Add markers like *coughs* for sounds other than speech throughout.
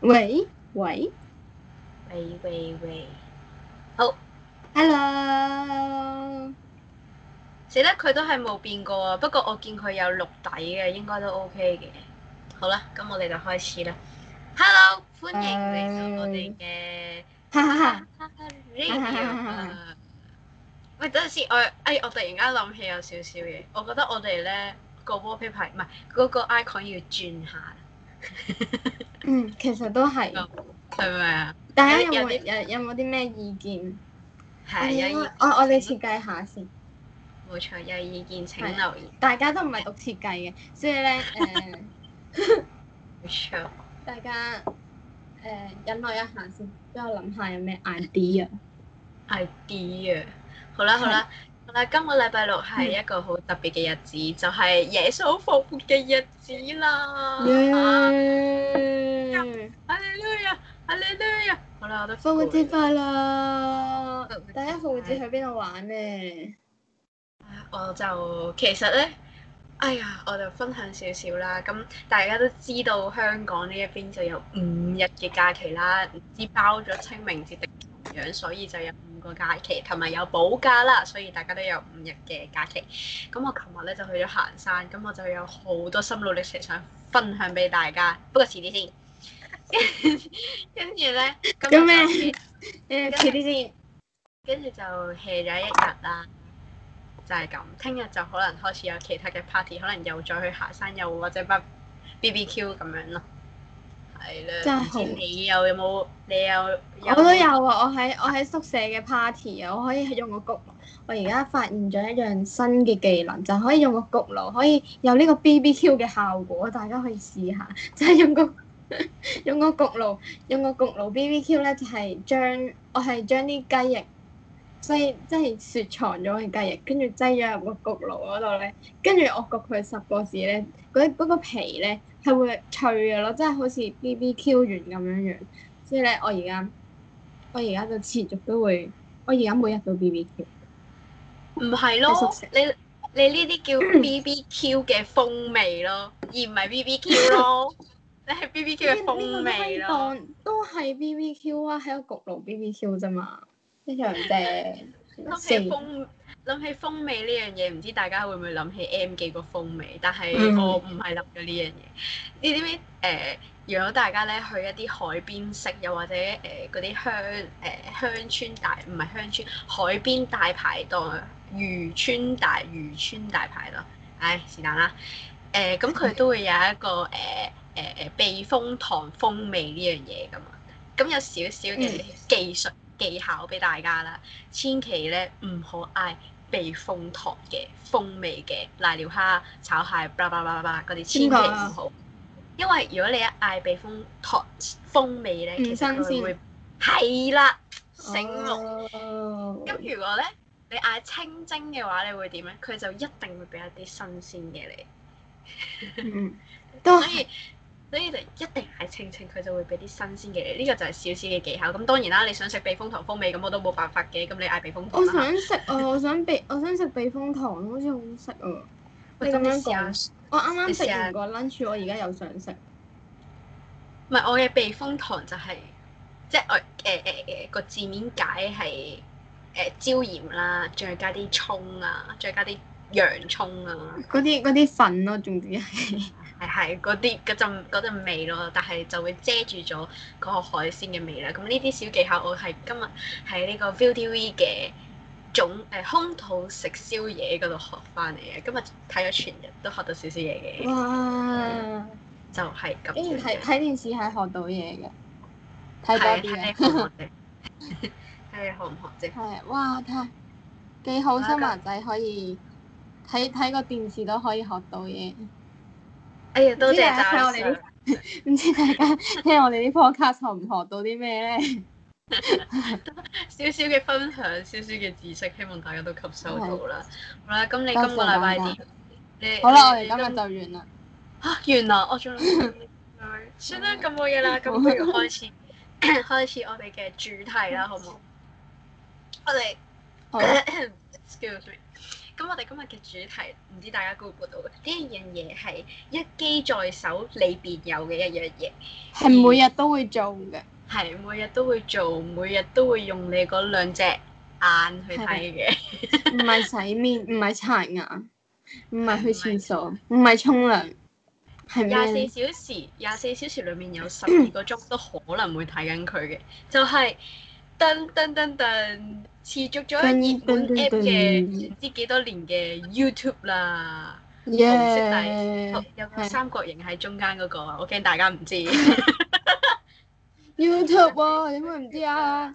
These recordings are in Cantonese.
喂？喂？喂喂喂！好，Hello！死得佢都係冇變過啊，不過我見佢有綠底嘅，應該都 OK 嘅。好啦，咁我哋就開始啦。Hello，歡迎嚟到我哋嘅 Radio 啊！喂，等陣先，我哎，我突然間諗起有少少嘢，我覺得我哋咧個 Wallpaper 唔係嗰個 icon 要轉下。嗯，其實都係，係咪啊？大家有冇有有冇啲咩意見？係啊，我我哋設計下先。冇錯，有意見請留言。大家都唔係讀設計嘅，所以咧誒，大家誒忍耐一下先，俾我諗下有咩 idea。idea，好啦好啦。今個禮拜六係一個好特別嘅日子，嗯、就係耶穌復活嘅日子啦！耶！阿你啊，阿你啊！好啦，我都復活節快啦！大家復活節去邊度玩呢？我就其實咧，哎呀，我就分享少少啦。咁、嗯、大家都知道香港呢一邊就有五日嘅假期啦，唔知包咗清明節定同樣，所以就有個假期同埋有補假啦，所以大家都有五日嘅假期。咁我琴日咧就去咗行山，咁我就有好多心路歷程想分享俾大家，不過遲啲先。 *laughs* 跟住咧，咁咩？跟住遲啲著、嗯、先，跟住就歇咗一日啦，就係、是、咁。聽日就可能開始有其他嘅 party，可能又再去行山，又或者不 BBQ 咁樣咯。真係你又有冇？你有？我都有啊！我喺我喺宿舍嘅 party 啊！我可以用個焗爐。我而家發現咗一樣新嘅技能，就可以用個焗爐，可以有呢個 BBQ 嘅效果。大家可以試下，就係用個 *laughs* 用個焗爐，用個焗爐 BBQ 咧，就係將我係將啲雞翼，所以即係雪藏咗嘅雞翼，跟住擠咗入個焗爐嗰度咧，跟住我焗佢十個字咧，嗰嗰個皮咧係會脆嘅咯，即係好似 B B Q 完咁樣樣。所以咧，我而家我而家就持續都會，我而家每日都 B B Q。唔係咯，你你呢啲叫 B B Q 嘅風味咯，而唔係 B B Q 咯。你係 B B Q 嘅風味咯。都係 B B Q 啊，喺個焗爐 B B Q 啫嘛。一樣啫。諗起風，諗起風味呢樣嘢，唔知大家會唔會諗起 M 記個風味？但係我唔係諗咗呢樣嘢。呢啲咩？誒、呃，如果大家咧去一啲海邊食，又或者誒嗰啲鄉誒鄉村大，唔係鄉村海邊大排檔，漁村大漁村大排檔，唉是但啦。誒，咁、呃、佢都會有一個誒誒誒避風塘風味呢樣嘢噶嘛。咁有少少嘅技術。嗯技巧俾大家啦，千祈咧唔好嗌避風塘嘅風味嘅瀨尿蝦炒蟹，巴拉巴拉巴拉，嗰啲千祈唔好。因為如果你一嗌避風塘風味咧，其實佢會係啦醒目。咁、oh. 如果咧你嗌清蒸嘅話，你會點咧？佢就一定會俾一啲新鮮嘅你。都 *laughs* 可、嗯、以。所以就一定嗌清清，佢就會俾啲新鮮嘅你。呢、這個就係少少嘅技巧。咁當然啦，你想食避風塘風味，咁我都冇辦法嘅。咁你嗌避風塘啦。我想食啊！我想避，我想食避風塘，好似好食啊！我你咁樣講，我啱啱食完個 lunch，我而家又想食。唔係，我嘅避風塘就係、是，即係我誒誒個字面解係誒、呃、椒鹽啦，再加啲蔥啊，再加啲洋蔥啊。嗰啲啲粉咯，重點係。 *laughs* 係係嗰啲嗰陣味咯，但係就會遮住咗嗰個海鮮嘅味啦。咁呢啲小技巧我係今日喺呢個 Viu TV 嘅總誒、呃、空肚食宵夜嗰度學翻嚟嘅。今日睇咗全日都學到少少嘢嘅。哇！就係咁。睇睇電視係學到嘢嘅，睇多啲嘅。睇你學唔學啫？係哇！睇幾好，啊、新華仔可以睇睇個電視都可以學到嘢。哎呀，多謝晒我哋。唔知大家聽我哋呢個 podcast，學唔學到啲咩咧？少少嘅分享，少少嘅知識，希望大家都吸收到啦。好啦，咁你今個禮拜點，好啦，我哋今日就完啦。吓完啦，我仲有，算啦，咁冇嘢啦。咁不如開始，開始我哋嘅主題啦，好唔好？我哋咁我哋今日嘅主題，唔知大家估唔估到，呢一樣嘢係一機在手裏邊有嘅一樣嘢，係每日都會做嘅，係每日都會做，每日都會用你嗰兩隻眼去睇嘅，唔係洗面，唔係刷牙，唔係去廁所，唔係沖涼，係廿四小時，廿四小時裏面有十二個鐘都可能會睇緊佢嘅， *coughs* 就係、是、噔噔噔噔噔。持續咗喺熱門 app 嘅唔知幾多年嘅 YouTube 啦，都唔識，但係有個三角形喺中間嗰、嗰個，我驚大家唔知 *laughs* YouTube 點解唔知啊？誒、啊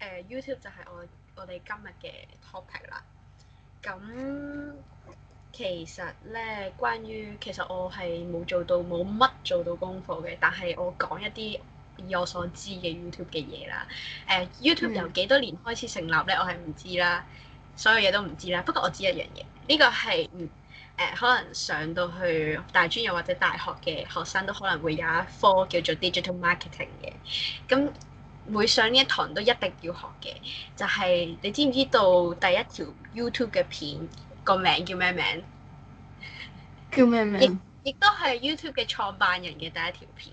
uh, YouTube 就係我我哋今日嘅 topic 啦。咁其實咧，關於其實我係冇做到冇乜做到功課嘅，但係我講一啲。以我所知嘅 YouTube 嘅嘢啦，誒、uh, YouTube、mm. 由幾多年開始成立咧，我係唔知啦，所有嘢都唔知啦。不過我知一樣嘢，呢、這個係唔誒，uh, 可能上到去大專又或者大學嘅學生都可能會有一科叫做 Digital Marketing 嘅，咁每上呢一堂都一定要學嘅，就係、係、你知唔知道第一條 YouTube 嘅片個名叫咩名？叫咩名？亦亦都係 YouTube 嘅創辦人嘅第一條片。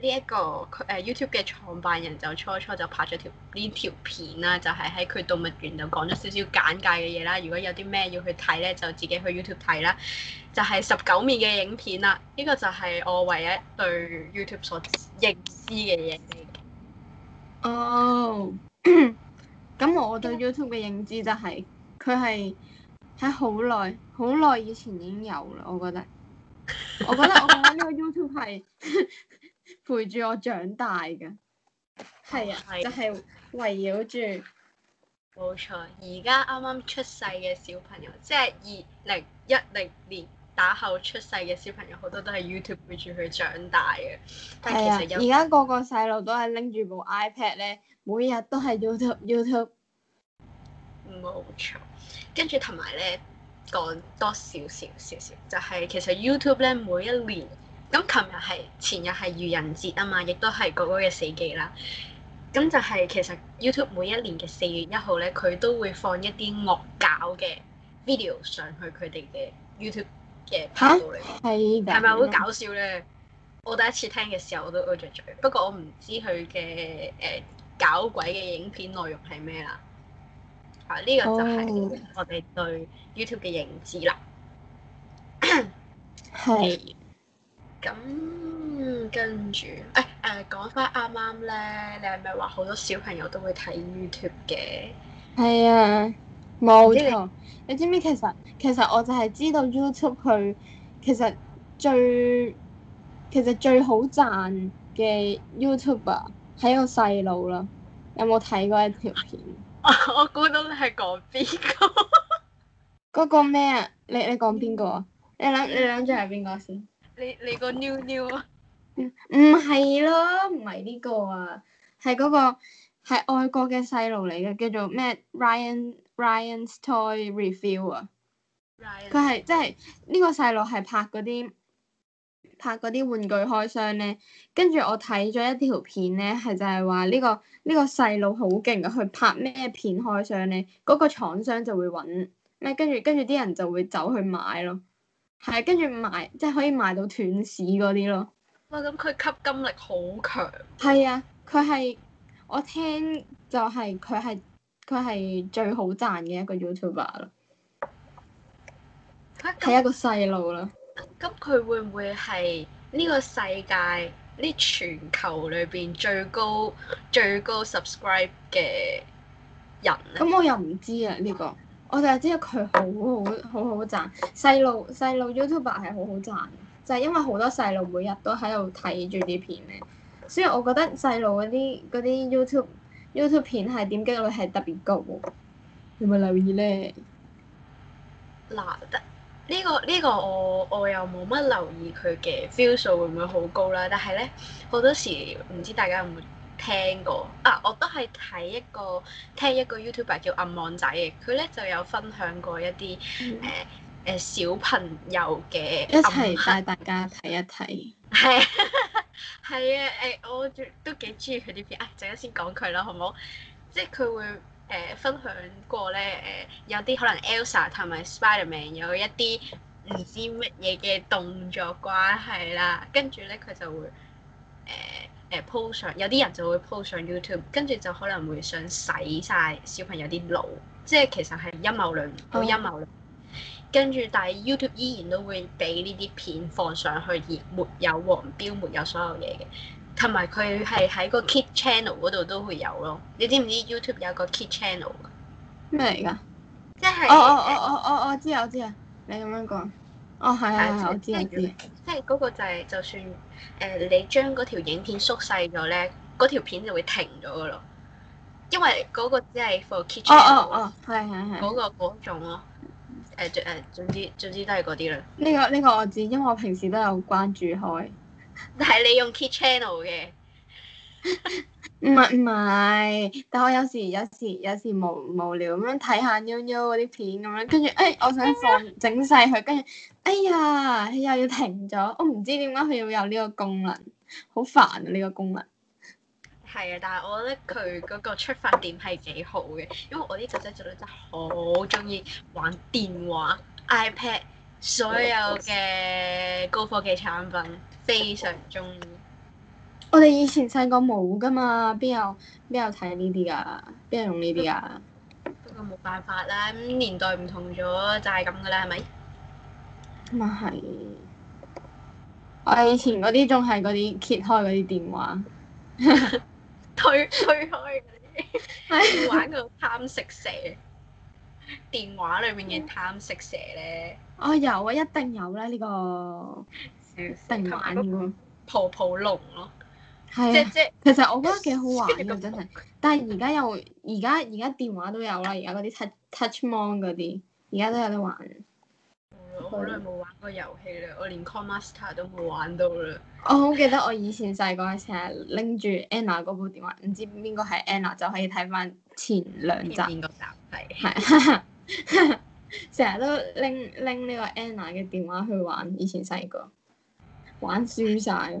呢一、這個佢誒 YouTube 嘅創辦人就初初就拍咗條呢條片啦，就係喺佢動物園度講咗少少簡介嘅嘢啦。如果有啲咩要去睇咧，就自己去 YouTube 睇啦。就係十九秒嘅影片啦。呢、這個就係我唯一對 YouTube 所認知嘅嘢嚟嘅。哦，咁我對 YouTube 嘅認知就係佢係喺好耐、好耐以前已經有啦。我覺得，我覺得 *laughs* 我覺得呢個 YouTube 係。 *laughs* 陪住我長大嘅。係啊，啊就係圍繞住，冇錯。而家啱啱出世嘅小朋友，即係二零一零年打後出世嘅小朋友，好多都係 YouTube 陪住佢長大嘅。係啊，而家個個細路都係拎住部 iPad 咧，每日都係 YouTube，YouTube，冇錯。跟住同埋咧，講多少少少少，就係其實 YouTube 咧，每一年。咁琴日係前日係愚人節啊嘛，亦都係哥哥嘅死忌啦。咁就係其實 YouTube 每一年嘅四月一號咧，佢都會放一啲惡搞嘅 video 上去佢哋嘅 YouTube 嘅頻道裏面。係，係咪好搞笑咧？啊、我第一次聽嘅時候我都 O 咗嘴，不過我唔知佢嘅誒搞鬼嘅影片內容係咩啦。啊！呢、個就係我哋對 YouTube 嘅認知啦。係、哦。 *coughs* 咁、嗯、跟住，誒、哎、誒，講翻啱啱咧，你係咪話好多小朋友都會睇 YouTube 嘅？係啊，冇錯。知你，你知唔知其實其實我就係知道 YouTube 佢其實最其實最好賺嘅 YouTube 啊，係一個細路啦。有冇睇過一條片？啊、我估到你係講邊個？嗰個咩啊？你你講邊個啊？你，你，你諗你諗住係邊個先？你你個妞妞啊？唔係咯，唔係呢個啊，係嗰個係外國嘅細路嚟嘅，叫做咩？Ryan Ryan’s Toy Review 啊，佢係即係呢個細路係拍嗰啲拍嗰啲玩具開箱咧。跟住我睇咗一條片咧，係就係話呢個呢個細路好勁啊，去拍咩片開箱咧？嗰個廠商就會搵咩？跟住跟住啲人就會走去買咯。係，跟住賣，即係可以賣到斷市嗰啲咯。哇、哦，咁佢吸金力好強。係啊，佢係我聽就係佢係佢係最好賺嘅一個 YouTuber 啦。係一個細路啦。咁佢會唔會係呢個世界呢？這個、全球裏邊最高最高 subscribe 嘅人。咁我又唔知啊呢、這個。我就係知道佢好好好好，好，好賺，細路細路 YouTuber 係好好賺，就係因為好多細路每日都喺度睇住啲片咧，所以我覺得細路嗰啲啲 YouTube YouTube 片係點擊率係特別高喎。有冇留意咧？嗱，得呢個呢個我我又冇乜留意佢嘅 view 數會唔會好高啦，但係咧好多時唔知大家有冇？聽過啊！我都係睇一個聽一個 YouTuber 叫暗網仔嘅，佢咧就有分享過一啲誒誒小朋友嘅，一齊帶大家睇一睇。係係 *laughs* 啊！誒、啊，我都幾中意佢啲片。啊！陣間先講佢啦，好唔好？即係佢會誒、呃、分享過咧誒、呃，有啲可能 Elsa 同埋 Spiderman 有一啲唔知乜嘢嘅動作關係啦、啊，跟住咧佢就會誒。呃誒、uh, po 上有啲人就會 post 上 YouTube，跟住就可能會想洗晒小朋友啲腦，即係其實係陰謀論，好陰謀論。跟住、oh. 但係 YouTube 依然都會俾呢啲片放上去，而沒有黃標，沒有所有嘢嘅。同埋佢係喺個 Key Channel 嗰度都會有咯。你知唔知 YouTube 有個 Key Channel 㗎？咩嚟㗎？即係。哦哦哦哦哦！我知我知啊。你咁樣講。哦，係啊，我知是我知，即係嗰、那個就係、是、就算誒、呃，你將嗰條影片縮細咗咧，嗰條片就會停咗噶咯，因為嗰個只係 for kitchen、哦。哦哦哦，係係係，嗰、那個嗰、啊那個、種咯、啊，誒、呃、誒，總之總之都係嗰啲啦。呢、這個呢、這個我知，因為我平時都有關注開， *laughs* 但係你用 key channel 嘅。 *laughs* 唔係唔係，但我有時有時有時無無聊咁樣睇下妞妞啲片咁樣跟住誒我想放整晒佢，跟住哎呀又要停咗，我唔知點解佢要有呢個功能，好煩啊呢個功能。係啊，但係我覺得佢個出發點係幾好嘅，因為我啲仔仔女女真係好中意玩電話 iPad，所有嘅高科技產品非常中意。我哋以前細個冇噶嘛，邊有邊有睇呢啲噶，邊有用呢啲噶？不過冇辦法啦，咁年代唔同咗，就係咁噶啦，係咪？咁啊係。我哋以前嗰啲仲係嗰啲揭開嗰啲電話，推 *laughs* 推 *laughs* 開嗰啲， *laughs* *laughs* 玩個貪食蛇。電話裏面嘅貪食蛇咧，哦有啊，一定有啦，啊，呢，這個定玩個泡泡龍咯，啊。係啊，其實我覺得幾好玩嘅，真係。但係而家又而家而家電話都有啦，而家嗰啲 touch touch mon 嗰啲，而家都有得玩。好耐冇玩過遊戲啦，我連 Coin Master 都冇玩到啦。 *laughs* 我好記得我以前細個成日拎住 Anna 嗰部電話，唔知邊個係 Anna，就可以睇翻前兩集。係係，成日 *laughs* 都拎拎呢個 Anna 嘅電話去玩，以前細個玩輸晒。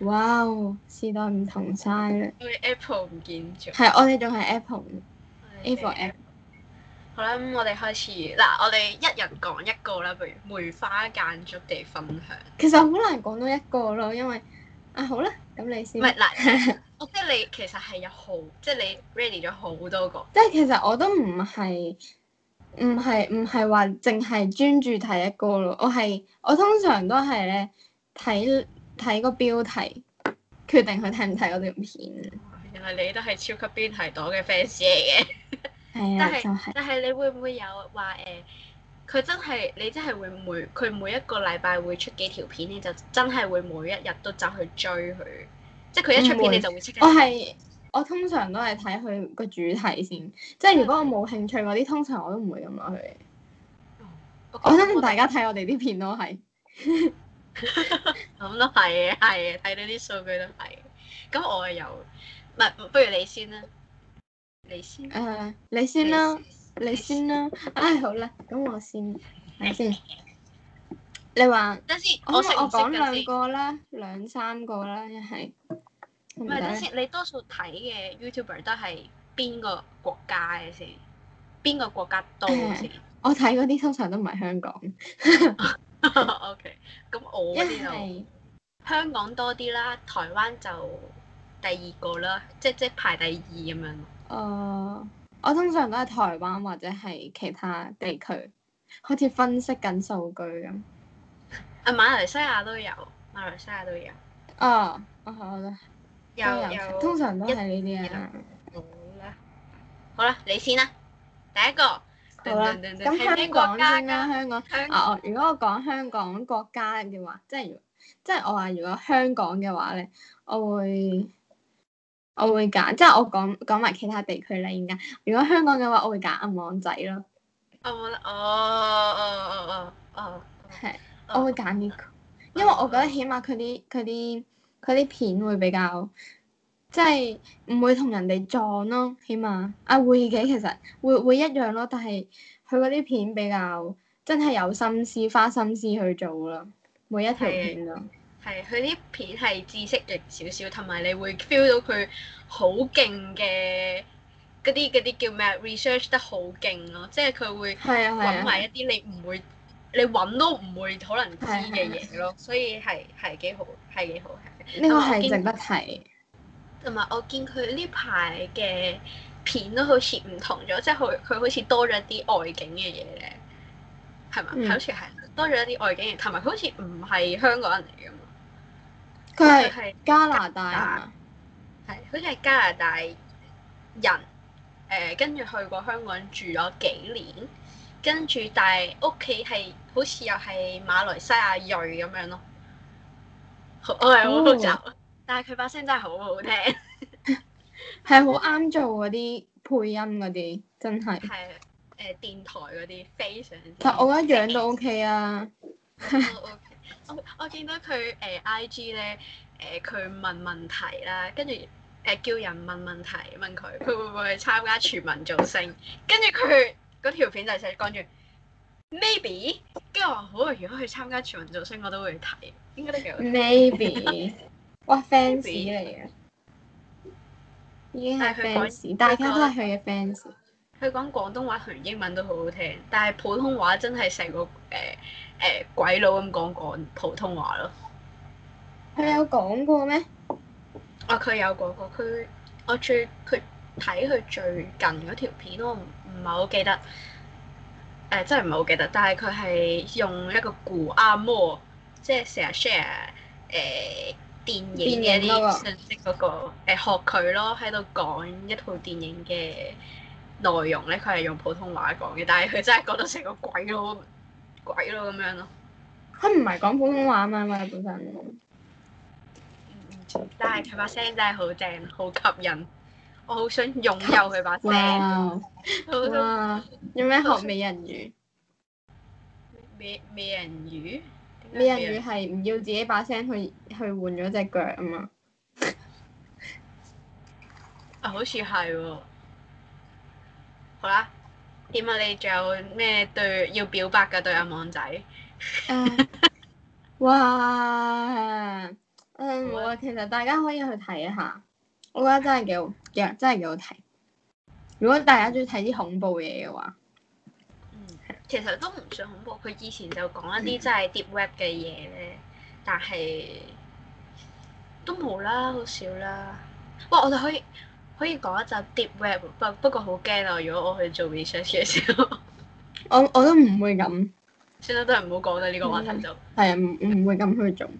哇哦！時代唔同晒。因為，Apple 唔見咗。係，我哋仲係 Apple，Apple Apple。好、嗯、啦，咁我哋開始嗱，我哋一人講一個啦，譬如梅花間竹地分享。其實好難講到一個咯，因為啊好啦，咁你先。唔係嗱，我 *laughs* 即係你其實係有好，即係你 ready 咗好多個。即係其實我都唔係，唔係唔係話淨係專注睇一個咯。我係我通常都係咧睇。睇個標題決定佢睇唔睇嗰條片，原來、哦、你都係超級標題黨嘅 fans 嚟嘅。係但係但係你會唔會有話誒，佢、欸、真係你真係會每佢每一個禮拜會出幾條片，你就真係會每一日都走去追佢，即係佢一出片會你就會即刻。我係我通常都係睇佢個主題先，即係如果我冇興趣嗰啲，嗯、通常我都唔會咁落去。嗯、okay，我相信大家睇我哋啲片都係。 *laughs* 咁都係嘅，係嘅， *laughs* 睇到啲數據都係。咁我又有，唔係，不如你先啦，你先，嗯，uh, 你先啦，你先啦。唉先先、哎，好啦，咁我先，你先，你話，等先等，我想我講兩個啦，兩三個啦，一係。唔係等先，你多數睇嘅 YouTuber 都係邊個國家嘅先？邊個國家多先？Uh, 我睇嗰啲通常都唔係香港。 *laughs* OK，咁我呢度是香港多啲啦，台灣就第二個啦，即即排第二咁樣。誒，uh, 我通常都係台灣或者係其他地區好似分析緊數據咁。啊，馬來西亞都有，馬來西亞都有。哦、uh, 啊，我我咧，有有、啊，通常都係呢啲啊。好啦，好啦，你先啦，第一個。好啦，咁、嗯嗯、香港先啦，香港，香港啊，如果我講香港國家嘅話，即、就、係、是，即、就、係、是、我話，如果香港嘅話咧，我會，我會揀，即、就、係、是、我講講埋其他地區啦。而家如果香港嘅話，我會揀暗網仔咯。暗網、哦，哦哦哦哦哦，係，我會揀呢、這個，哦、因為我覺得起碼佢啲佢啲佢啲片會比較。即係唔會同人哋撞咯，起碼啊，會嘅其實會會一樣咯，但係佢嗰啲片比較真係有心思花心思去做咯，每一條片咯，係佢啲片係知識型少少，同埋你會 feel 到佢好勁嘅嗰啲啲叫咩 research 得好勁咯，即係佢會揾埋一啲你唔會的你揾都唔會可能知嘅嘢咯，所以係係幾好，係幾好，呢這個係值得提。同埋我見佢呢排嘅片都好似唔同咗，即係佢佢好似多咗一啲外景嘅嘢咧，係嘛？嗯、好似係多咗一啲外景嘅，同埋佢好似唔係香港人嚟嘅嘛，佢係係加拿大，係嘛好似係加拿大人，誒跟住去過香港住咗幾年，跟住但係屋企係好似又係馬來西亞裔咁樣咯，哦哎，我係好複雜。哦。但係佢把聲真係好好聽，係好啱做嗰啲配音嗰啲，真係係誒電台嗰啲非常之但我覺得樣都 OK 啊 *laughs* ，OK。我我見到佢誒、呃、IG 咧，誒、呃、佢問問題啦，跟住誒叫人問問題問佢，佢會唔會去參加全民造星？跟住佢嗰條片就寫講住 maybe，跟住我話好啊，如果佢參加全民造星，我都會睇，應該都幾好。Maybe。 *laughs* 哇！fans 嚟嘅，已經係 fans，大家都係佢嘅 fans。佢講廣東話同英文都好好聽，但係普通話真係成個誒誒鬼佬咁講講普通話咯。佢有講過咩？哦、啊，佢有講過，過，佢我最佢睇佢最近嗰條片，我唔唔係好記得。誒、呃，真係唔係好記得，但係佢係用一個古阿摩，即係成日 share 誒。呃電影嘅啲信息嗰、那個，誒、嗯欸、學佢咯，喺度講一套電影嘅內容咧，佢係用普通話講嘅，但係佢真係覺得成個鬼咯，鬼咯咁樣咯。佢唔係講普通話啊嘛，嘛本身。但係佢把聲真係好正，好吸引，我好想擁有佢把聲。哇！有咩學美人魚？美美人魚。美人魚係唔要自己把聲去去換咗隻腳啊嘛， *laughs* 啊好似係喎，好啦，點啊？你仲有咩對要表白嘅對阿網仔？誒、 *laughs* 呃，哇，誒、呃、我、 *laughs* 呃、其實大家可以去睇一下，我覺得真係幾好，真係幾好睇。如果大家中意睇啲恐怖嘢嘅話，其實都唔算恐怖，佢以前就講一啲真係 deep web 嘅嘢咧，嗯、但係都冇啦，好少啦。哇！我哋可以可以講一集 deep web，不不過好驚啊！如果我去做 research 嘅時候， *laughs* 我我都唔會咁，算啦，都係唔好講啦，呢個話題就係啊，唔唔會咁去做，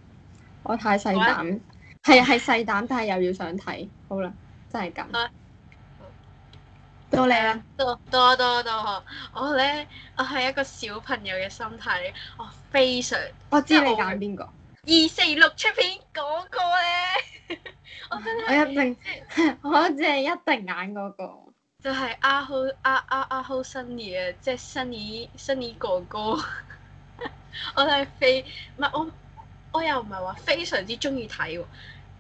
我太細膽，係呀係 *laughs* 細膽，但係又要想睇，好啦，真係咁。 *laughs* 到你啦！多多多多，我咧我係一個小朋友嘅心態，我非常我知你揀邊個二四六出片嗰個咧， *laughs* 我,我一定我淨係一定揀嗰個，就係阿浩阿阿阿浩 sonny 啊，即係 sonny sonny 哥哥， *laughs* 我係非唔係我我又唔係話非常之中意睇喎，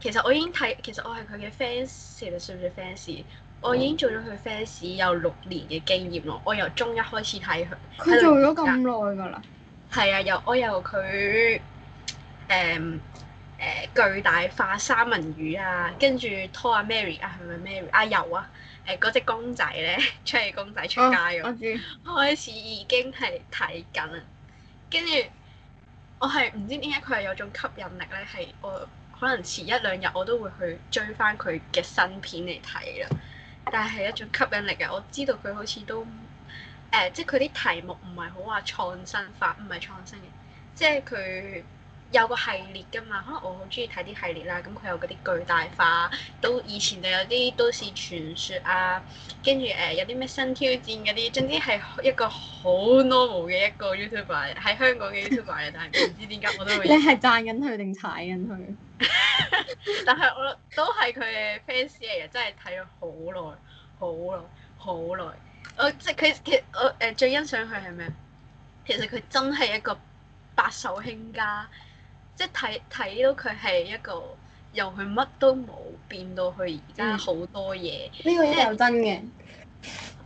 其實我已經睇，其實我係佢嘅 fans，算唔算 fans？我已經做咗佢 fans 有六年嘅經驗咯，我由中一開始睇佢。佢做咗咁耐㗎喇。係啊，由我由佢誒誒巨大化三文魚啊，跟住拖阿、啊、Mary 啊，係咪 Mary 啊有啊誒嗰隻公仔咧，出嚟公仔出街咁、哦。我知開始已經係睇緊啦，跟住我係唔知點解佢係有種吸引力咧，係我可能遲一兩日我都會去追返佢嘅新片嚟睇啦。但係一種吸引力嘅，我知道佢好似都誒、呃，即係佢啲題目唔係好話創新法，唔係創新嘅，即係佢。有個系列㗎嘛，可能我好中意睇啲系列啦。咁佢有嗰啲巨大化，都以前就有啲都市傳説啊。跟住誒有啲咩新挑戰嗰啲，總之係一個好 normal 嘅一個 YouTuber 喺香港嘅 YouTuber，但係唔知點解我都會。 *laughs* 你係讚緊佢定踩緊佢？ *laughs* *laughs* 但係我都係佢嘅 fans 嚟嘅，真係睇咗好耐，好耐，好耐。我即係佢，其實我誒、呃、最欣賞佢係咩？其實佢真係一個白手興家。即係睇睇到佢係一個由佢乜都冇變到佢而家好多嘢，呢個又真嘅。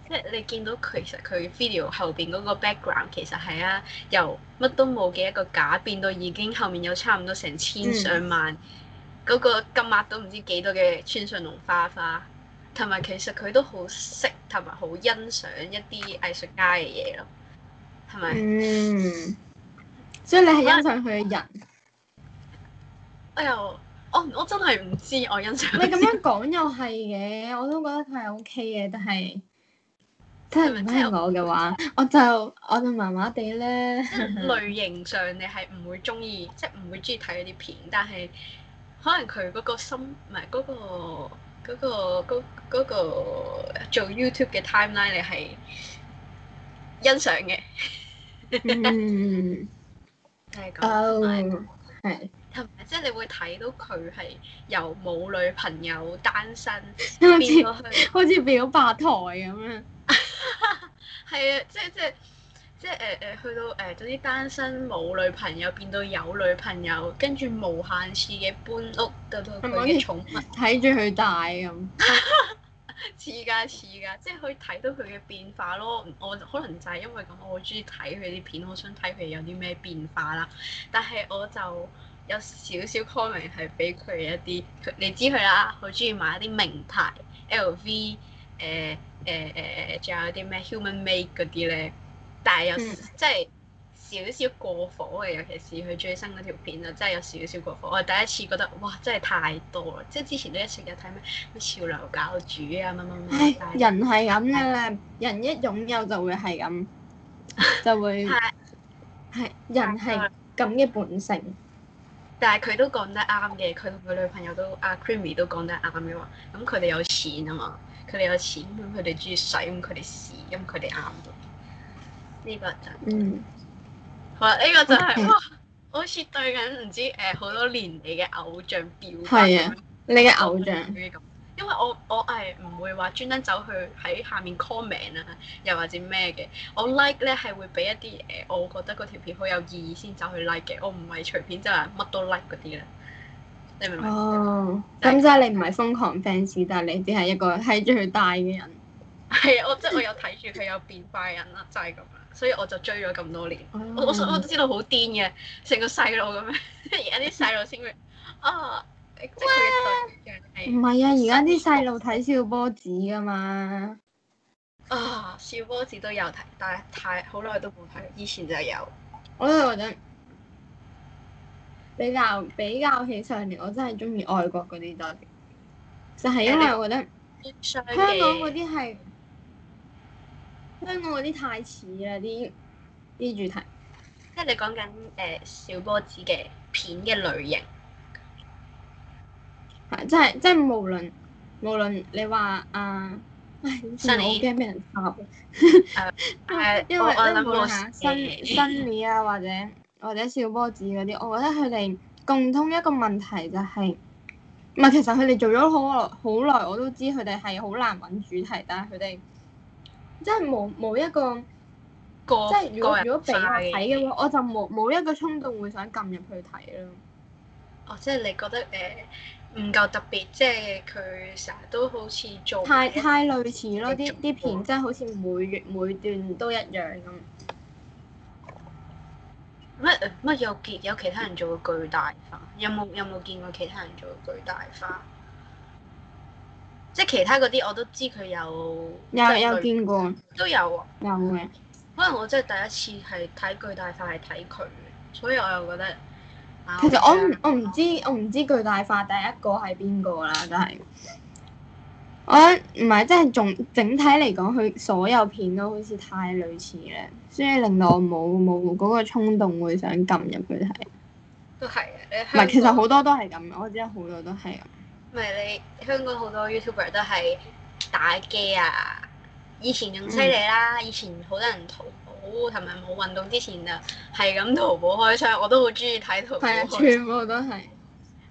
即係你見到佢其實佢 video 後邊嗰個 background 其實係啊，由乜都冇嘅一個假變到已經後面有差唔多成千上萬嗰、嗯、個金額都唔知幾多嘅村上隆花花，同埋其實佢都好識同埋好欣賞一啲藝術家嘅嘢咯，係咪？嗯。所以你係欣賞佢嘅人。嗯。我又我我真係唔知我欣賞。你咁樣講又係嘅，我都覺得佢係 OK 嘅，但係即係唔聽我嘅話，我就我就麻麻地咧。類型上你係唔會中意，即係唔會中意睇嗰啲片，但係可能佢嗰個心唔係嗰個嗰個嗰嗰個做 YouTube 嘅 timeline 你係欣賞嘅。嗯，聽你講係。是是即係你會睇到佢係由冇女朋友單身 *laughs* 變過去，好似變咗吧台咁樣。係啊，即係即係即係誒誒，去到誒總之單身冇女朋友，變到有女朋友，跟住無限次嘅搬屋，到到佢嘅寵物，睇住佢大咁。似㗎似㗎，即係可以睇到佢嘅變化咯。我可能就係因為咁，我好中意睇佢啲片，我想睇佢有啲咩變化啦。但係我就。有少少 comment 係俾佢一啲，佢你知佢啦，好中意買一啲名牌 LV，誒、呃、誒誒、呃、仲有啲咩 Human Made 嗰啲咧，但係有即係少少過火嘅，尤其是佢最新嗰條片啊，真係有少少過火。我第一次覺得哇，真係太多啦！即係之前都一成日睇咩潮流教主啊什麼什麼，乜乜乜，人係咁嘅咧，是人一擁有就會係咁，就會係 *laughs* 是人係咁嘅本性。但係佢都講得啱嘅，佢同佢女朋友都阿、啊、Creamy 都講得啱嘅嘛。咁佢哋有錢啊嘛，佢哋有錢，咁佢哋中意使，咁佢哋使，咁佢哋啱。呢、呢個就係、嗯，好啦，呢、呢個就係、是、Okay. 哇，好似對緊唔知誒好、呃、多年你嘅偶像表白。係啊，你嘅偶像。偶像因為我我誒唔會話專登走去喺下面 comment 啊，又或者咩嘅，我 like 咧係會俾一啲誒、呃，我覺得嗰條片好有意義先走去 like 嘅，我唔係隨便即係乜都 like 嗰啲啦。你明唔明？哦，咁、哦、即係你唔係瘋狂 fans，但係你只係一個睇住佢大嘅人。係啊， *laughs* 我即係我有睇住佢有變大嘅人啦，就係咁啦。所以我就追咗咁多年，哦、我我我都知道好癲嘅，成個細路咁樣，而家啲細路先會啊。唔係啊！而家啲細路睇小波子㗎嘛。啊！小波子都有睇，但係太，好耐都冇睇。以前就有。我都覺得比較比較起上年，我真係中意外國嗰啲多。啲，就係因為我覺得香港嗰啲係香港嗰啲太似啦，啲啲主題。即係你講緊誒小波子嘅片嘅類型。即係即係無論無論你話啊，哎、我驚俾人插，因為我為是新 *laughs* 新美啊或者或者小波子嗰啲，我覺得佢哋共通一個問題就係、是，唔係其實佢哋做咗好耐好耐，我都知佢哋係好難搵主題，但係佢哋即係冇冇一個，即係如果如果俾我睇嘅話，我就冇冇一個衝動會想撳入去睇咯。哦，oh, 即係你覺得誒？呃唔夠特別，即係佢成日都好做似做太太類似咯，啲啲些過片真係好似每月每段都一樣咁。乜乜有見有其他人做過巨大化？有冇有冇見過其他人做過巨大化？即係其他嗰啲我都知佢有，有類有見過，都有喎、啊，有嘅的。可能我真係第一次係睇巨大化係睇佢，所以我又覺得。其實我唔 Okay, 我唔知 okay. 我唔知，我唔知巨大化第一個係邊個啦，就係我唔係即係仲整體嚟講，佢所有片都好似太類似咧，所以令到我冇冇嗰個衝動會想撳入去睇。都係啊！唔係其實好多都係咁，我知好多都係。咪你香港好多 YouTuber 都係打機啊！以前仲犀利啦，嗯、以前好多人淘。冇同埋冇運動之前啊，係咁淘寶開箱，我都好中意睇淘寶。全部都係。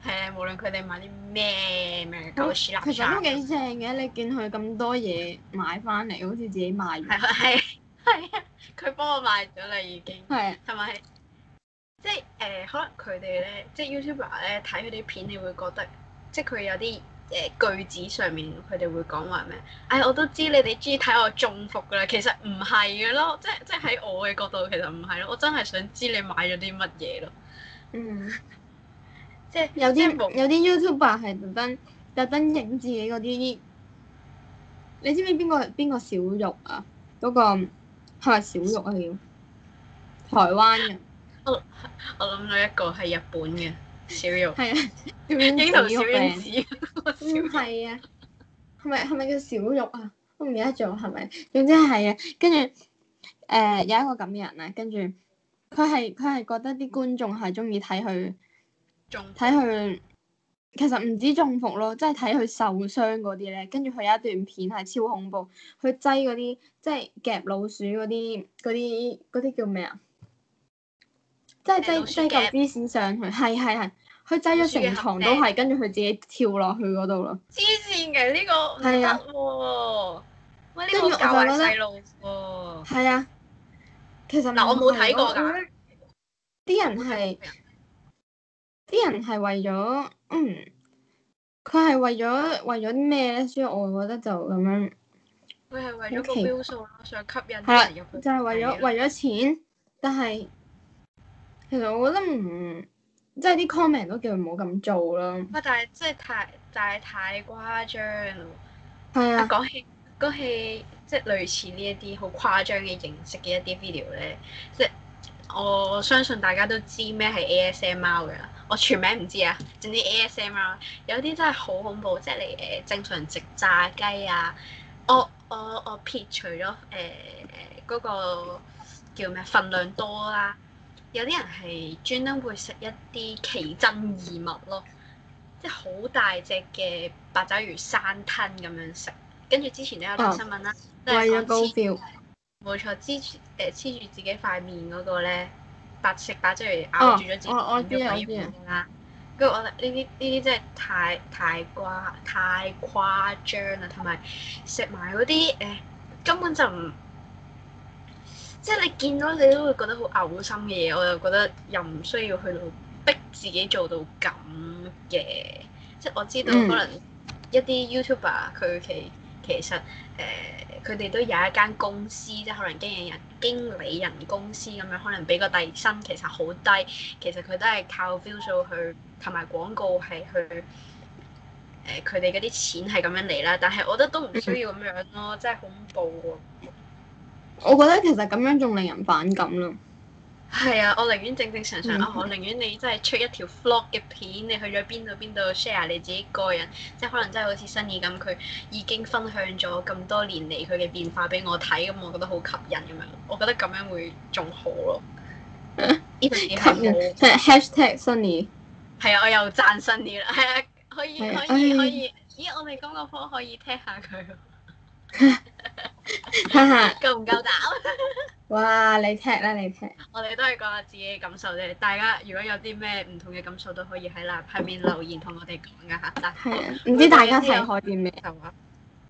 係啊，無論佢哋買啲咩咩狗屎，垃圾。都幾、哦、正嘅，嗯、你見佢咁多嘢買翻嚟，好似自己賣完。係係啊！佢幫我買咗啦，已經。係係。係咪？即係誒、呃，可能佢哋咧，即係 YouTuber 咧，睇佢啲片，你會覺得，即係佢有啲。誒句子上面佢哋會講話咩？哎，我都知你哋中意睇我中伏噶啦，其實唔係嘅咯，即係即係喺我嘅角度其實唔係咯，我真係想知你買咗啲乜嘢咯。嗯，即係有啲些我有啲 YouTuber 係特登特登影自己嗰啲，你知唔知邊個邊個小玉啊？嗰、那個係小玉啊，要台灣人？我我諗咗一個係日本嘅。小玉係啊，小丸子唔係啊，係咪係咪叫小玉啊？都唔記得咗，係咪？總之係啊，跟住誒有一個咁嘅人啊，跟住佢係佢係覺得啲觀眾係中意睇佢中睇佢，其實唔止中伏咯，即係睇佢受傷嗰啲咧。跟住佢有一段片係超恐怖，佢擠嗰啲即係夾老鼠嗰啲嗰啲嗰啲叫咩啊？即係擠擠嚿芝士上去，係係係。佢擠咗成牀都係，跟住佢自己跳落去嗰度咯，黐線嘅，呢個唔得喎！跟住我覺得係啊，其實嗱，我冇睇過噶。啲人係，啲人係為咗，嗯，佢係為咗為咗啲咩咧？所以我覺得就咁樣，佢係為咗個標數咯，Okay. 我想吸引係、啊、就係、係、為咗為咗錢，但係其實我覺得唔。嗯即係啲 comment 都叫唔好咁做啦。哇、啊！但係即係太，但係太誇張咯。係啊。講起嗰戲，即係、就是、類似呢一啲好誇張嘅形式嘅一啲 video 咧，即、就、係、是、我相信大家都知咩係 ASMR 嘅啦。我全名唔知啊，整啲 ASMR 有啲真係好恐怖，即、就、係、是、你誒正常人食炸雞啊。我我我撇除咗誒嗰個叫咩分量多啦。有啲人係專登會食一啲奇珍異物咯，即係好大隻嘅八爪魚生吞咁樣食。跟住之前都有睇新聞啦、啊，即、啊、為咗高調，冇錯，之誒黐住自己塊面嗰個咧，白食八爪魚咬住咗自己嘅皮啦。跟住我覺得呢啲呢啲真係太太誇太誇張啦，同埋食埋嗰啲誒根本就唔～即係你見到你都會覺得好嘔心嘅嘢，我就覺得又唔需要去到逼自己做到咁嘅。即係我知道可能一啲 YouTuber 佢其其實誒佢哋都有一間公司，即係可能經紀人、經理人公司咁樣，可能俾個底薪其實好低，其實佢都係靠 view 數去同埋廣告係去誒佢哋嗰啲錢係咁樣嚟啦。但係我覺得都唔需要咁樣咯，真係恐怖喎！我覺得其實咁樣仲令人反感咯。係啊，我寧願正正常常啊，嗯、我寧願你真係出一條 vlog 嘅片，你去咗邊度邊度 share 你自己個人，即係可能真係好似 Sunny 咁，佢已經分享咗咁多年嚟佢嘅變化俾我睇，咁我覺得好吸引咁樣。我覺得咁樣會仲好咯。特別吸引。係、啊、Hashtag Sunny。係啊，我又讚 Sunny 喇。係啊，可以是可以可以、哎、可以。咦，我哋今個科可以聽下佢。 *laughs* 哈哈， *laughs* 夠唔夠膽？ *laughs* 哇，你踢啦，你踢。我哋都係講下自己嘅感受啫，大家如果有啲咩唔同嘅感受，都可以喺欄下面留言同我哋講噶吓。係唔知大家睇改變咩就話。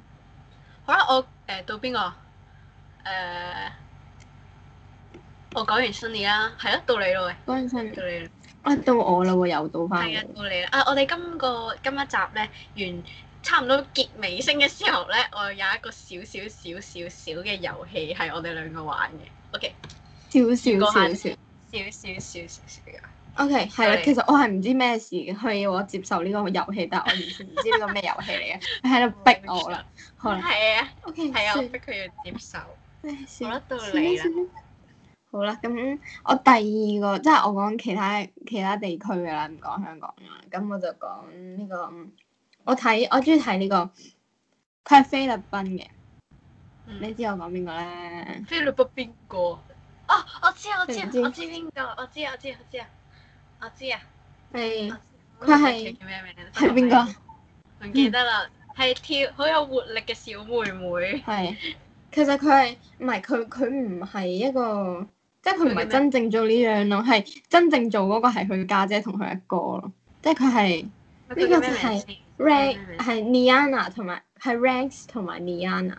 *laughs* 好啦，我誒、哎、到邊個？誒、呃，我講完 Sunny 啦，係、嗯、咯，到你咯喂。講完晒到你啦。啊， *laughs* 到我啦喎，又到翻。係啊， *laughs* 到你啦。啊，我哋今個今一集咧完。Traveled, *laughs* 差唔多結尾聲嘅時候咧，我有一個少少少少少嘅遊戲係我哋兩個玩嘅。O K，少少少少少少少少少少嘅。O K，係啊，其實我係唔知咩事佢要我接受呢個遊戲，但係我完全唔知呢個咩遊戲嚟嘅。你喺度逼我啦，係啊。O K，係啊，逼佢要接受。好啦，道理好啦，咁我第二個即係我講其他其他地區嘅啦，唔講香港啦。咁我就講呢個。我睇我中意睇呢個，佢係菲律賓嘅，嗯、你知我講邊個咧？菲律賓邊個？啊、哦，我知我知我知邊個，我知我知我知啊，我知啊，係佢係叫咩名係邊個？唔記得啦，係、嗯、跳好有活力嘅小妹妹。係，其實佢係唔係佢佢唔係一個，即係佢唔係真正做呢樣咯，係真正做嗰個係佢家姐同佢一個咯，即係佢係呢個係、就是。Rex 係 Nia 娜同埋係 Rex 同埋 Nia 娜，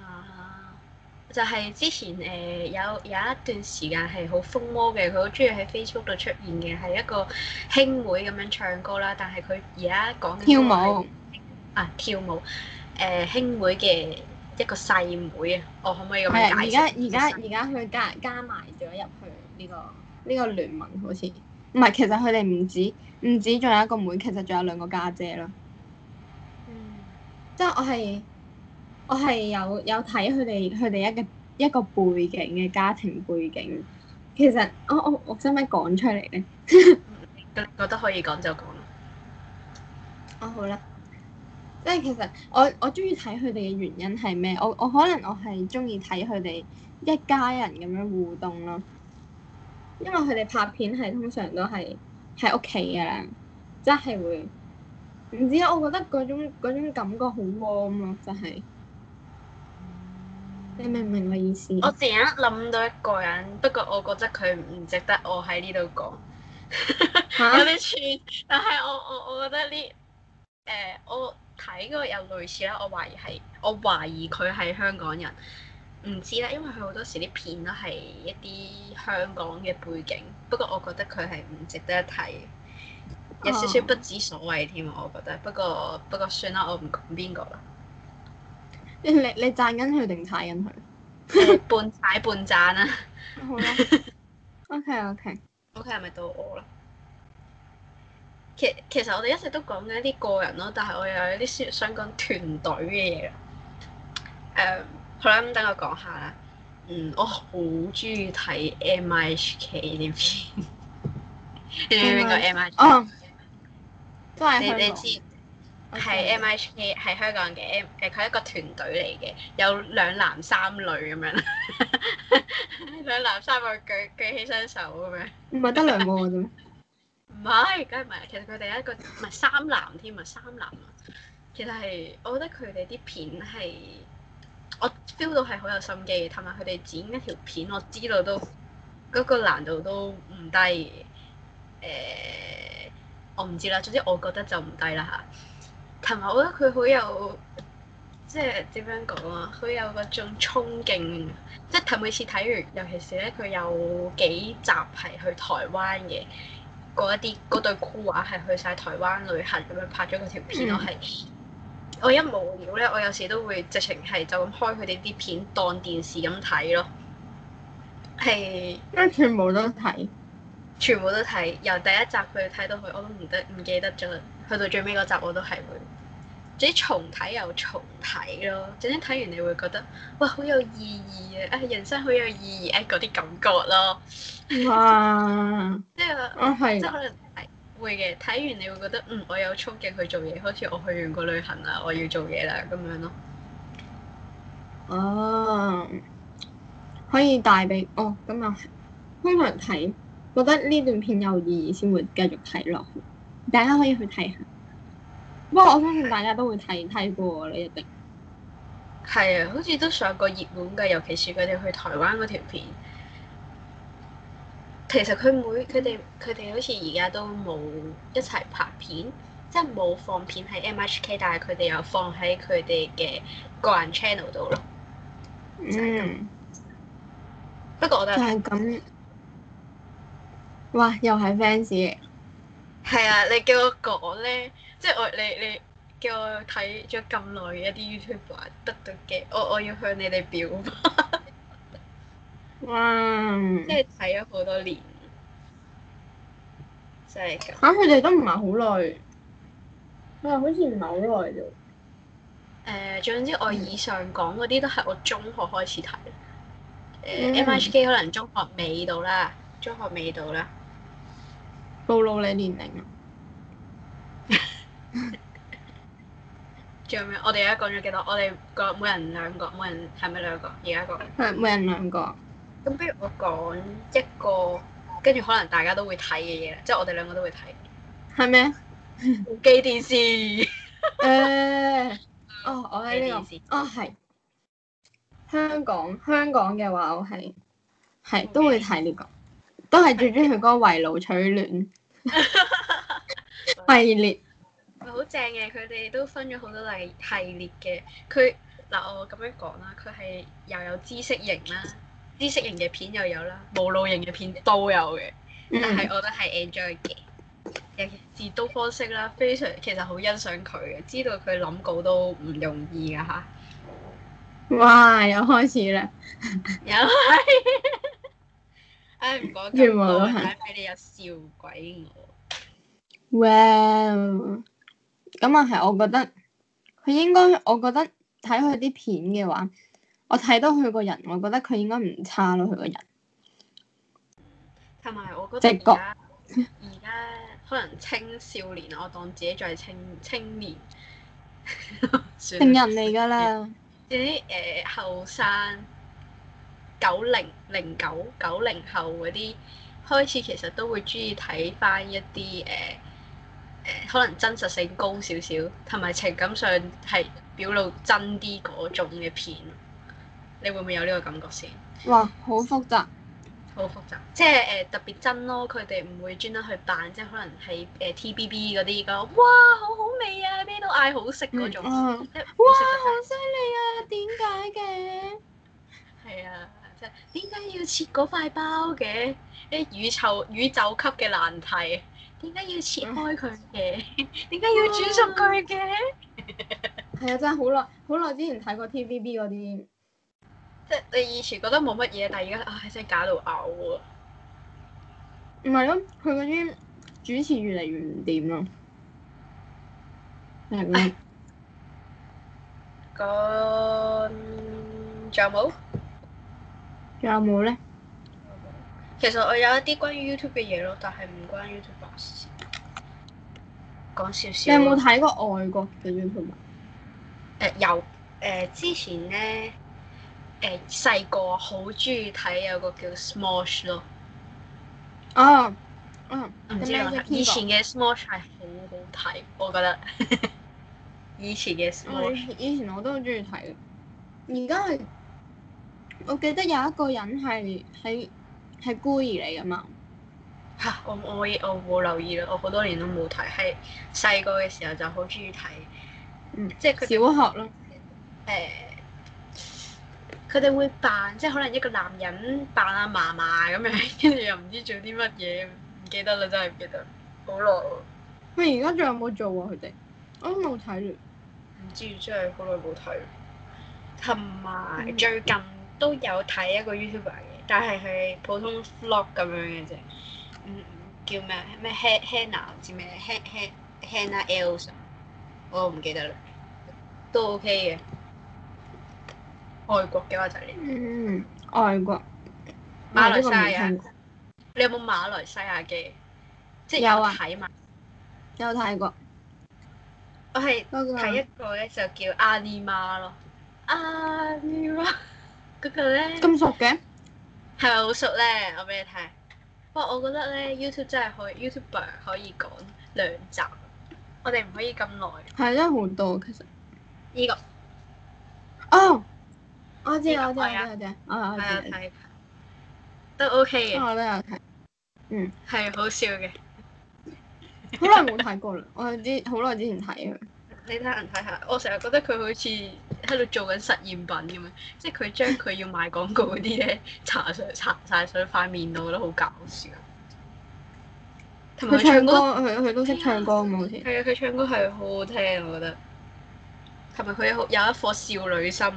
啊，就係、係、之前誒、呃、有有一段時間係好風魔嘅，佢好中意喺 Facebook 度出現嘅係一個兄妹咁樣唱歌啦，但係佢而家講嘅跳舞啊跳舞誒、呃、兄妹嘅一個細妹啊，我可唔可以咁樣解釋？而家而家而家佢加加埋咗入去呢、呢個呢、呢個聯盟好似。唔係，其實佢哋唔止，唔止，仲有一個妹妹，其實仲有兩個家姐啦。嗯。即係我係，我係有有睇佢哋，佢哋一個一個背景嘅家庭背景。其實，我我我使唔使講出嚟咧？我，我，我想想呢 *laughs* 覺得可以講就講啦。哦，oh，好啦。即係其實我，我我中意睇佢哋嘅原因係咩？我我可能我係中意睇佢哋一家人咁樣互動咯。因為佢哋拍片係通常都係喺屋企嘅，即係，真係會唔知啊！我覺得嗰種，種感覺好 warm 囉，真係你明唔明我意思？我成日諗到一個人，不過我覺得佢唔值得我喺呢度講， *laughs* 有啲串喘。 *laughs* 但係我我我覺得呢誒、呃，我睇過有類似啦，我懷疑係我懷疑佢係香港人。唔知啦，因為佢好多時啲片都係一啲香港嘅背景，不過我覺得佢係唔值得一睇，有少少不知所謂添。我覺得，oh。不過不過算啦，我唔講邊個啦。你你讚緊佢定蝦緊佢？半踩半讚啦、啊。 *laughs* 好啦。O K O K O K，係咪到我啦？其實其實我哋一直都講緊一啲個人咯，但係我又有啲想想講團隊嘅嘢。誒、um,。好啦，咁等我講下啦。嗯，我好中意睇 MHK 啲片。你知唔知個 MHK？都係你你知，係 MHK 係香港嘅 M，係佢一個團隊嚟嘅，有兩男三女咁樣。兩 *laughs* 男三個舉舉起雙手咁樣。唔係得兩個嘅咩？唔係， *laughs* 梗係唔係。其實佢哋一個唔係三男添啊，三男啊。其實係，我覺得佢哋啲片係。我 feel 到係好有心機，同埋佢哋剪一條片，我知道都嗰、嗰個難度都唔低。誒、呃，我唔知啦，總之我覺得就唔低啦嚇。同埋我覺得佢好有，即係點樣講啊？好有嗰種衝勁。即係睇每次睇完，尤其是咧，佢有幾集係去台灣嘅嗰一啲，嗰對酷娃係去晒台灣旅行咁樣拍咗嗰條片我係。嗯我一無聊咧，我有時都會直情係就咁開佢哋啲片當電視咁睇咯，係。即係全部都睇，全部都睇，由第一集佢睇到佢，我都唔得唔記得咗，去到最尾嗰集我都係會，總之重睇又重睇咯。總之睇完你會覺得，哇好有意義啊！啊人生好有意義啊嗰啲感覺咯，哇！即係可能會嘅，睇完你會覺得嗯，我有衝勁去做嘢，好似我去完個旅行啦，我要做嘢啦咁樣咯。哦，可以帶俾哦，咁啊，係通常睇覺得呢段片有意義先會繼續睇落去，大家可以去睇下。不過我相信大家都會睇睇過呢一定。係啊，好似都上過熱門嘅，尤其是佢哋去台灣嗰條片。其實佢每佢哋佢哋好似而家都冇一齊拍片，即係冇放片喺 MHK，但係佢哋又放喺佢哋嘅個人 channel 度咯。就是、嗯。不過我覺得係咁。哇！又係 fans。係啊，你叫我講咧，即係我你你叫我睇咗咁耐嘅一啲 YouTuber 得得嘅，我我要向你哋表。 *laughs* 嗯，Wow. 即係睇咗好多年，真係噶。嚇、啊，佢哋都唔係、啊、好耐，佢又好似唔係好耐啫。誒，總之我以上講嗰啲都係我中學開始睇。誒、呃嗯、，MHK 可能中學未到啦，中學未到啦。暴露你年齡啊。仲 *laughs* 有咩？我哋而家講咗幾多？我哋個每人兩個，每人係咪兩個？而家講。係，每人兩個。咁不如我講一個，跟住可能大家都會睇嘅嘢，即、就、係、是、我哋兩個都會睇，係咩是嗎？無記電視，誒、 *laughs* 哦這個，哦，我喺呢個，哦係香港，香港嘅話我係係看都會睇呢、這個，都係最鍾意嗰個《圍爐取暖》 *laughs* *laughs* *laughs* 系列，係好正嘅。佢哋都分咗好多例系列嘅。佢嗱，我咁樣講啦，佢係又有知識型啦。 *laughs* 知識型嘅片又有啦，無腦型嘅片都有嘅，但係我都係 enjoy 嘅，尤其係都方式啦，非常其實好欣賞佢嘅，知道佢諗稿都唔容易噶吓。哇！又開始啦，又係有，唉唔講，我睇俾你又笑鬼我。Well！咁啊係，我覺得佢應該，我覺得睇佢啲片嘅話。我睇到佢個人，我覺得佢應該唔差咯。佢個人，同埋我覺得而家覺可能青少年，我當自己再青青年， *laughs* 了成人嚟㗎啦，啲誒、 *laughs* 呃、後生九零零九九零後嗰啲開始，其實都會鍾意睇返一啲誒誒，可能真實性高少少，同埋情感上係表露真啲嗰種嘅片。你會唔會有呢個感覺先？哇，好複雜，好複雜，即係誒特別真咯。佢哋唔會專登去扮，即係可能係誒 TVB 嗰啲咯。哇，好好味啊，咩都嗌好食嗰種。哇，好犀利啊！點解嘅？係啊，即係點解要切嗰塊包嘅？啲宇宙宇宙級嘅難題，點解要切開佢嘅？點解要煮熟佢嘅？係啊，真係好耐好耐之前睇過 TVB 嗰啲。即係你以前覺得冇乜嘢，但係而家唉，真、哎、係假到嘔啊！唔係咯，佢嗰啲主持越嚟越唔掂咯。係、嗯、咪？講、哎、仲有冇？仲有冇咧？其實我有一啲關於 YouTube 嘅嘢咯，但係唔關 YouTube 事。講少少。你有冇睇過外國嘅 YouTube？誒有誒、呃呃，之前咧。誒，細個好中意睇有個叫 Smosh 咯。哦、oh, uh,，嗯，唔知以前嘅 Smosh 係好好睇，我覺得。 *laughs* 以前嘅 Smosh，以前我都好中意睇。而家係，我記得有一個人係喺係孤兒嚟噶嘛。吓、啊，我我我冇留意啦，我好多年都冇睇。係細個嘅時候就好中意睇，嗯，即係佢小學咯。誒、欸。佢哋會扮，即係可能一個男人扮阿嫲嫲咁樣，跟住又唔知做啲乜嘢，唔記得啦，真係唔記得，好耐喎。佢而家仲有冇做啊？佢哋我都冇睇，唔知真係好耐冇睇。同埋有、嗯、最近都有睇一個 YouTuber 嘅，但係佢普通 vlog 咁樣嘅啫。嗯，叫咩咩 Hannah 唔知咩，Hannah Elsa，我唔記得啦，都 OK 嘅。外國嘅話就係，嗯，外國，馬來西亞，你有冇馬來西亞嘅？即有啊，係嘛，有睇過。我係睇一個咧，就叫阿尼瑪咯。阿尼瑪，嗰個咧？咁熟嘅？係咪好熟咧，我俾你睇。不過我覺得咧，YouTube 真係可以，YouTuber 可以講兩集，我哋唔可以咁耐。係啊，好多其實。呢個，哦。我知我知我知，我知，啊係啊係，都 OK 嘅、哦嗯， *laughs* 我都有睇，嗯係好笑嘅，好耐冇睇過啦，我係啲好耐之前睇啊。你睇下睇下。我成日覺得佢好似喺度做緊實驗品咁樣，即係佢將佢要賣廣告嗰啲咧搽上搽晒上塊面度，覺得好搞笑。同埋佢唱歌係佢、嗯、都識唱歌嘅好似。係啊、哎呀，佢唱歌係好好聽，我覺得。同埋佢有有一顆少女心。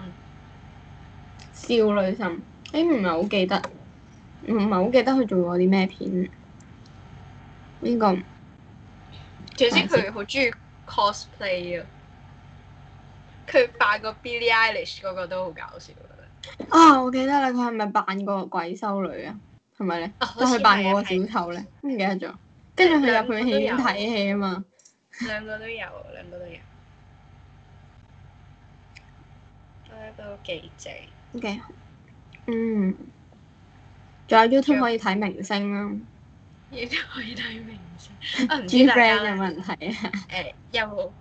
少女心，哎唔係好記得，唔係好記得佢做過啲咩片。邊、呢個？最先佢好中意 cosplay 啊！佢扮個 Billie Eilish 嗰個都好搞笑。啊、哦！我記得啦，佢係咪扮過鬼修女啊？係咪咧？定係、哦、扮個小丑咧？唔記得咗。跟住佢入去戲院睇戲啊嘛兩。兩個都有，兩個都有。 *laughs* 都有都幾正。啊咁嘅，okay. 嗯，仲有 YouTube 可以睇明星咯、啊，而家可以睇明星。唔知有咩問題啊？誒、 *laughs* 呃，有冇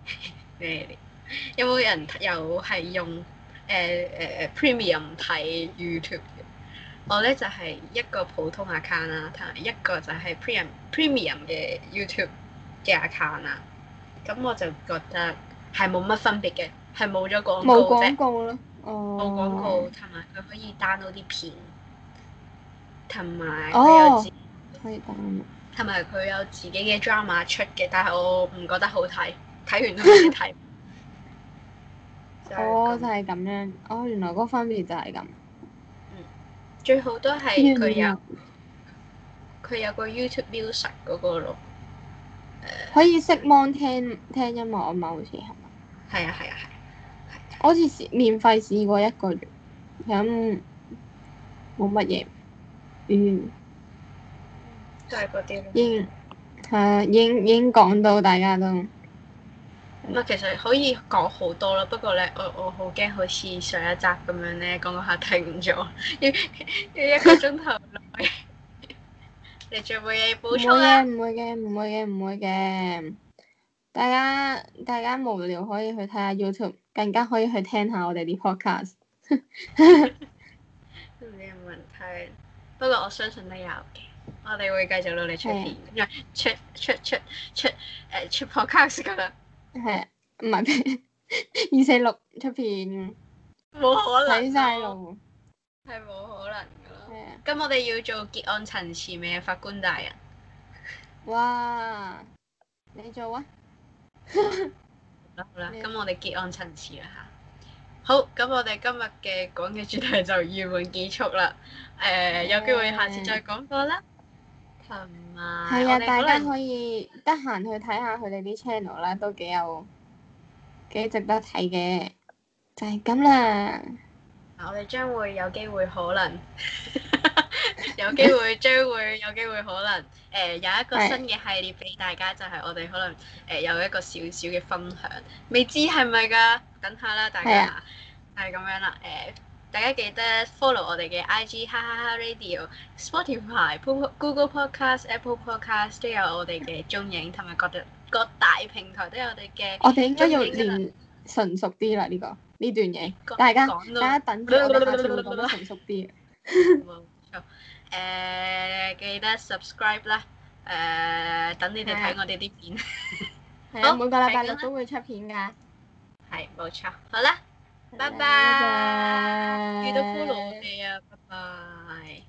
有冇、 *laughs* 呃、人又係用誒誒誒 Premium 睇 YouTube 嘅？我咧就係、是、一個普通 account 啦、啊，同埋一個就係 Premium 嘅 YouTube 嘅 account 啦、啊。咁我就覺得係冇乜分別嘅，係冇咗廣告啫。冇哦，廣告同埋佢可以 download 啲片，同埋佢有自可以 download，同埋佢有自己嘅、oh. drama 出嘅，但係我唔覺得好睇，睇完都唔想睇。哦， *laughs* 就係咁樣。哦、oh，oh, 原來嗰個分別就係咁。嗯，最好都係佢有佢 *laughs* 有個 YouTube Music 嗰個咯。Uh, 可以熄 mon 聽， *laughs* 聽音樂啊嘛，好似係。係啊！係啊！係、啊。好似免費試過一個月，咁冇乜嘢，嗯，就係嗰啲。嗯，係啊，已經已經講到大家都。唔、嗯、其實可以講好多啦。不過咧，我我好驚好似上一集咁樣咧，講到下停咗，要 *laughs* 要一個鐘頭內。唔、 *laughs* *laughs* 啊、會嘅，唔會嘅，唔會嘅，唔會嘅。大家大家無聊可以去睇下 YouTube。更加可以去聽下我哋啲 podcast，都唔知 *laughs* *laughs* 有冇人聽，不過我相信都有嘅。我哋會繼續努力出片，的 *laughs* 出出出出誒、呃、出 podcast 噶啦，係啊，唔係二四六出片，冇可能，睇晒路，係冇可能噶啦。咁的我哋要做結案陳詞咩？法官大人，哇，你做啊？ *laughs* 好啦，咁你我哋結案陳詞啦嚇。好，咁我哋今日嘅講嘅主題就圓滿結束啦。誒、呃，的有機會下次再講過啦。同埋，我啊，大家可以得閒去睇下佢哋啲 channel 啦，都幾有幾值得睇嘅。就係咁啦。我哋將會有機會可能。 *laughs* *laughs* 有機會將會有機會可能，誒、呃、有一個新嘅系列俾大家，就係、是、我哋可能誒、呃、有一個少少嘅分享，未知係咪㗎？等下啦，大家係咁是、啊、樣啦。誒、呃，大家記得 follow 我哋嘅 IG 哈哈哈 Radio、Spotify、Google Podcast、Apple Podcast 都有我哋嘅蹤影，同埋 *laughs* 各大各大平台都有我哋嘅。我哋應該要練成熟啲啦，呢、這個呢段嘢。講大家講到大家等住到熟啲。 *laughs* *laughs* 誒、呃、記得 subscribe 啦！誒、呃、等你哋睇我哋啲片。的 *laughs* 好，每個禮拜六都會出片㗎。係冇錯，好啦，拜拜。見到 follow 我哋啊，拜拜。